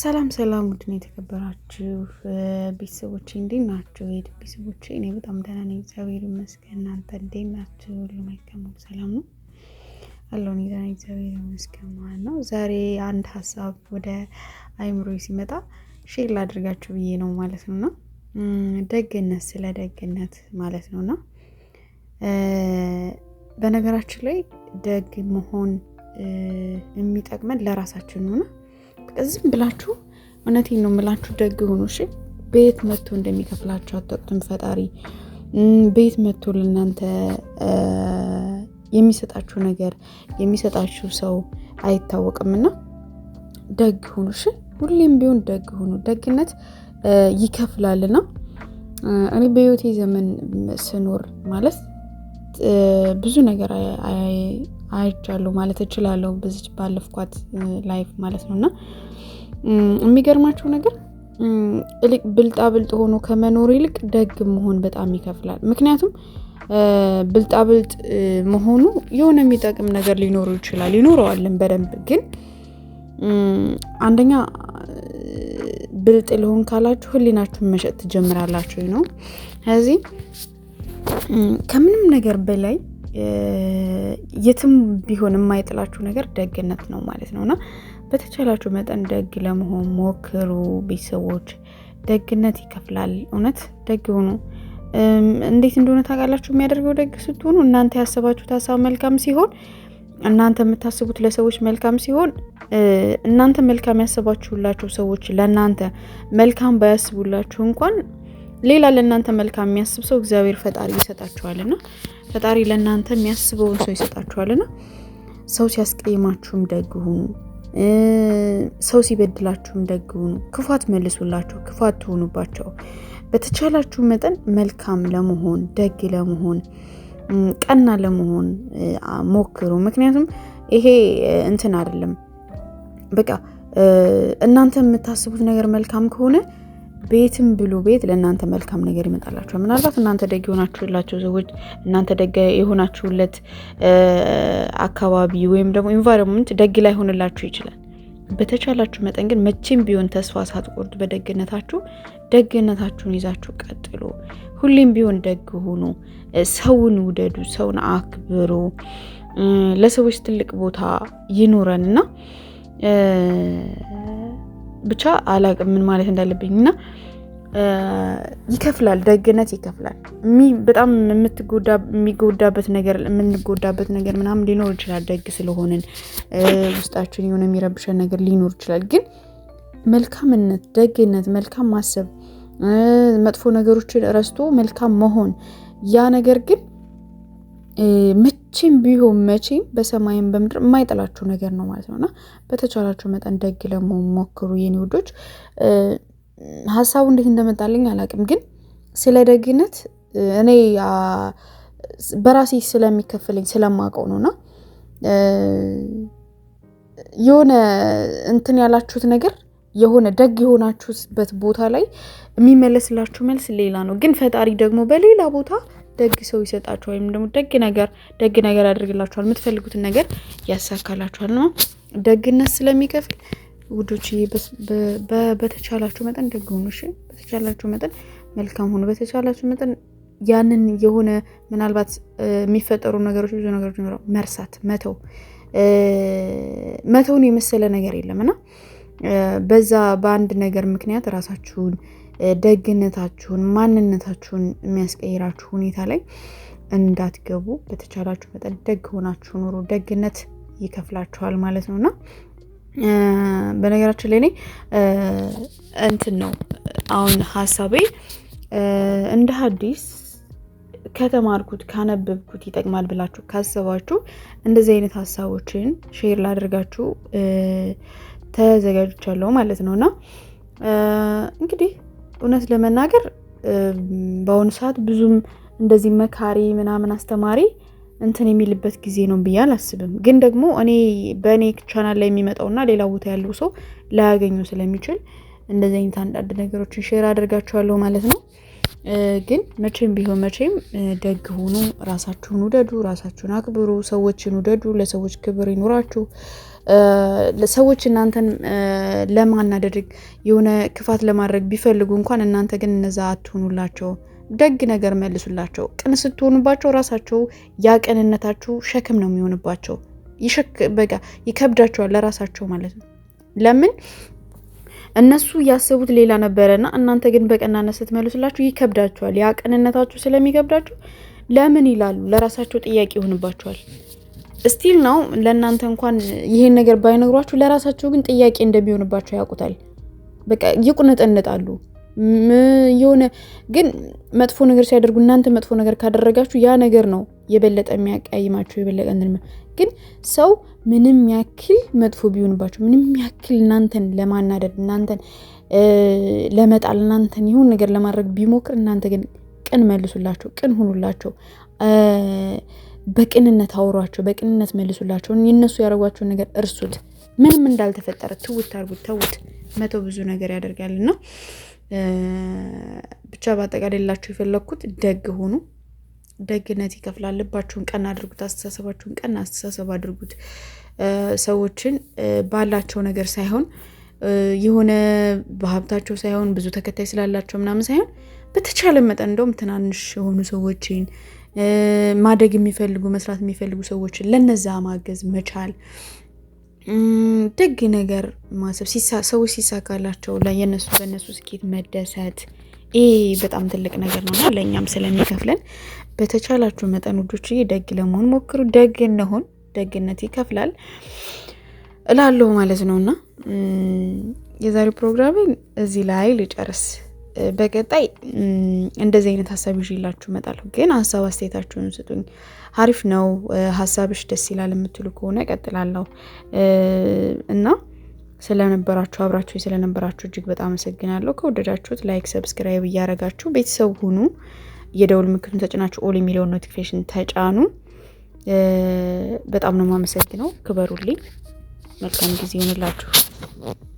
ሰላም ሰላም፣ ውድን የተከበራችሁ ቤተሰቦች እንዴት ናችሁ? ሄድ ቤተሰቦች፣ እኔ በጣም ደህና ነኝ፣ እግዚአብሔር ይመስገን። እናንተ እንዴት ናችሁ? ሁሉ መልካም፣ ሰላም ነው አለውን? የዛሬ እግዚአብሔር ይመስገን ማለት ነው። ዛሬ አንድ ሀሳብ ወደ አይምሮ ሲመጣ ሼር ላድርጋችሁ ብዬ ነው ማለት ነው። እና ደግነት፣ ስለ ደግነት ማለት ነው። እና በነገራችን ላይ ደግ መሆን የሚጠቅመን ለራሳችን ነው ዝም ብላችሁ እውነቴን ነው የምላችሁ ደግ ሆኖ እሺ ቤት መቶ እንደሚከፍላችሁ አታውቁትም ፈጣሪ ቤት መቶ ለእናንተ የሚሰጣችሁ ነገር የሚሰጣችሁ ሰው አይታወቅምና ደግ ሁኑ። እሺ ሁሌም ቢሆን ደግ ሁኑ። ደግነት ይከፍላልና እኔ በህይወቴ ዘመን ስኖር ማለት ብዙ ነገር አይቻሉ ማለት እችላለሁ በዚች ባለፍኳት ላይፍ ማለት ነው። እና የሚገርማችሁ ነገር ብልጣ ብልጥ ሆኖ ከመኖር ይልቅ ደግ መሆን በጣም ይከፍላል። ምክንያቱም ብልጣ ብልጥ መሆኑ የሆነ የሚጠቅም ነገር ሊኖሩ ይችላል ይኖረዋልን በደንብ ግን አንደኛ ብልጥ ልሆን ካላችሁ ህሊናችሁን መሸጥ ትጀምራላችሁ ነው። ስለዚህ ከምንም ነገር በላይ የትም ቢሆን የማይጥላችሁ ነገር ደግነት ነው ማለት ነው። እና በተቻላችሁ መጠን ደግ ለመሆን ሞክሩ ቤተሰቦች። ደግነት ይከፍላል። እውነት ደግ ሆኑ። እንዴት እንደሆነ ታውቃላችሁ? የሚያደርገው ደግ ስትሆኑ እናንተ ያሰባችሁት ሀሳብ መልካም ሲሆን እናንተ የምታስቡት ለሰዎች መልካም ሲሆን እናንተ መልካም ያሰባችሁላቸው ሰዎች ለእናንተ መልካም ባያስቡላችሁ እንኳን ሌላ ለእናንተ መልካም የሚያስብ ሰው እግዚአብሔር ፈጣሪ ይሰጣችኋልና ፈጣሪ ለእናንተ የሚያስበውን ሰው ይሰጣችኋልና ሰው ሲያስቀይማችሁም ደግ ሁኑ። ሰው ሲበድላችሁም ደግ ሁኑ። ክፋት መልሱላቸው ክፋት አትሆኑባቸው። በተቻላችሁ መጠን መልካም ለመሆን ደግ ለመሆን ቀና ለመሆን ሞክሩ። ምክንያቱም ይሄ እንትን አይደለም፣ በቃ እናንተ የምታስቡት ነገር መልካም ከሆነ ቤትም ብሉ ቤት ለእናንተ መልካም ነገር ይመጣላችኋል። ምናልባት እናንተ ደግ የሆናችሁላቸው ሰዎች እናንተ ደግ የሆናችሁለት አካባቢ ወይም ደግሞ ኢንቫይሮንመንት ደግ ላይሆንላችሁ ይችላል። በተቻላችሁ መጠን ግን መቼም ቢሆን ተስፋ ሳትቆርጡ በደግነታችሁ ደግነታችሁን ይዛችሁ ቀጥሎ ሁሌም ቢሆን ደግ ሁኑ። ሰውን ውደዱ፣ ሰውን አክብሩ። ለሰዎች ትልቅ ቦታ ይኑረን እና ብቻ አላቅም ምን ማለት እንዳለብኝ እና ይከፍላል። ደግነት ይከፍላል። በጣም የሚጎዳበት ነገር የምንጎዳበት ነገር ምናምን ሊኖር ይችላል። ደግ ስለሆንን ውስጣችን የሆነ የሚረብሸን ነገር ሊኖር ይችላል። ግን መልካምነት፣ ደግነት፣ መልካም ማሰብ፣ መጥፎ ነገሮችን ረስቶ መልካም መሆን ያ ነገር ግን መቼም ቢሆን መቼም በሰማይም በምድር የማይጠላችሁ ነገር ነው ማለት ነው እና በተቻላችሁ መጠን ደግ ለመሆን ሞክሩ የኔ ውዶች። ሀሳቡ እንዴት እንደመጣልኝ አላውቅም፣ ግን ስለ ደግነት እኔ በራሴ ስለሚከፍለኝ ስለማውቀው ነውና የሆነ እንትን ያላችሁት ነገር የሆነ ደግ የሆናችሁበት ቦታ ላይ የሚመለስላችሁ መልስ ሌላ ነው፣ ግን ፈጣሪ ደግሞ በሌላ ቦታ ደግ ሰው ይሰጣችኋል፣ ወይም ደግሞ ደግ ነገር ደግ ነገር ያደርግላችኋል፣ የምትፈልጉትን ነገር ያሳካላችኋል ነው። ደግነት ስለሚከፍል ውዶች በተቻላችሁ መጠን ደግ ሁኑ። እሺ፣ በተቻላችሁ መጠን መልካም ሁኑ። በተቻላችሁ መጠን ያንን የሆነ ምናልባት የሚፈጠሩ ነገሮች ብዙ ነገሮች ኖረ መርሳት መተው መተውን የመሰለ ነገር የለም እና በዛ በአንድ ነገር ምክንያት ራሳችሁን ደግነታችሁን፣ ማንነታችሁን የሚያስቀይራችሁ ሁኔታ ላይ እንዳትገቡ በተቻላችሁ መጠን ደግ ሆናችሁ ኑሩ። ደግነት ይከፍላችኋል ማለት ነው እና በነገራችን ላይ እኔ እንትን ነው አሁን ሀሳቤ እንደ ሀዲስ ከተማርኩት ካነበብኩት ይጠቅማል ብላችሁ ካሰባችሁ እንደዚህ አይነት ሀሳቦችን ሼር ላደርጋችሁ ተዘጋጅቻለሁ ማለት ነው እና እንግዲህ እውነት ለመናገር በአሁኑ ሰዓት ብዙም እንደዚህ መካሪ ምናምን አስተማሪ እንትን የሚልበት ጊዜ ነው ብዬ አላስብም። ግን ደግሞ እኔ በእኔ ቻናል ላይ የሚመጣውና ሌላ ቦታ ያለው ሰው ላያገኙ ስለሚችል እንደዚህ አይነት አንዳንድ ነገሮችን ሼር አድርጋችኋለሁ ማለት ነው። ግን መቼም ቢሆን መቼም ደግ ሁኑ፣ ራሳችሁን ውደዱ፣ ራሳችሁን አክብሩ፣ ሰዎችን ውደዱ፣ ለሰዎች ክብር ይኑራችሁ። ሰዎች እናንተን ለማናደድግ የሆነ ክፋት ለማድረግ ቢፈልጉ እንኳን እናንተ ግን እነዛ አትሆኑላቸው፣ ደግ ነገር መልሱላቸው። ቅን ስትሆኑባቸው ራሳቸው ያቀንነታችሁ ሸክም ነው የሚሆንባቸው፣ በቃ ይከብዳቸዋል፣ ለራሳቸው ማለት ነው። ለምን እነሱ ያሰቡት ሌላ ነበረና እናንተ ግን በቀናነት ስትመልስላችሁ ይከብዳችኋል። ያ ስለሚከብዳችሁ ለምን ይላሉ። ለራሳቸው ጥያቄ ይሆንባችኋል። ስቲል ነው ለእናንተ እንኳን ይሄን ነገር ባይነግሯችሁ፣ ለራሳቸው ግን ጥያቄ እንደሚሆንባቸው ያውቁታል። በቃ ይቁንጥንጣሉ። የሆነ ግን መጥፎ ነገር ሲያደርጉ እናንተ መጥፎ ነገር ካደረጋችሁ ያ ነገር ነው የበለጠ የሚያቀያይማችሁ የበለጠ ግን ሰው ምንም ያክል መጥፎ ቢሆንባችሁ ምንም ያክል እናንተን ለማናደድ እናንተን ለመጣል እናንተን ይሁን ነገር ለማድረግ ቢሞክር እናንተ ግን ቅን መልሱላቸው፣ ቅን ሁኑላቸው፣ በቅንነት አውሯቸው፣ በቅንነት መልሱላቸው። የነሱ ያደረጓቸውን ነገር እርሱት፣ ምንም እንዳልተፈጠረ ትውት አርጉት፣ ተውት። መቶ ብዙ ነገር ያደርጋልና ብቻ በአጠቃላይ ላችሁ የፈለግኩት ደግ ሆኑ። ደግነት ይከፍላል። ልባችሁን ቀና አድርጉት። አስተሳሰባችሁን ቀና አስተሳሰብ አድርጉት። ሰዎችን ባላቸው ነገር ሳይሆን የሆነ በሀብታቸው ሳይሆን ብዙ ተከታይ ስላላቸው ምናምን ሳይሆን በተቻለ መጠን እንደውም ትናንሽ የሆኑ ሰዎችን ማደግ የሚፈልጉ መስራት የሚፈልጉ ሰዎችን ለነዛ ማገዝ መቻል ደግ ነገር ማሰብ ሰዎች ሲሳካላቸው ለየነሱ የነሱ በእነሱ ስኬት መደሰት ይሄ በጣም ትልቅ ነገር ነውና ለእኛም ስለሚከፍለን በተቻላችሁ መጠን ውዶች ደግ ለመሆን ሞክሩ። ደግ እንሆን፣ ደግነት ይከፍላል እላለሁ ማለት ነውና የዛሬው ፕሮግራሜን እዚህ ላይ ልጨርስ። በቀጣይ እንደዚህ አይነት ሀሳብ ይዤላችሁ እመጣለሁ። ግን ሀሳብ አስተያየታችሁን ስጡኝ። አሪፍ ነው ሀሳብሽ ደስ ይላል የምትሉ ከሆነ እቀጥላለሁ እና ስለነበራችሁ አብራችሁ ስለነበራችሁ እጅግ በጣም አመሰግናለሁ። ከወደዳችሁት ላይክ፣ ሰብስክራይብ እያረጋችሁ ቤተሰብ ሁኑ። የደውል ምልክቱን ተጭናችሁ ኦል የሚለውን ኖቲፊኬሽን ተጫኑ። በጣም ነው የማመሰግነው። ክበሩልኝ። መልካም ጊዜ ይሆንላችሁ።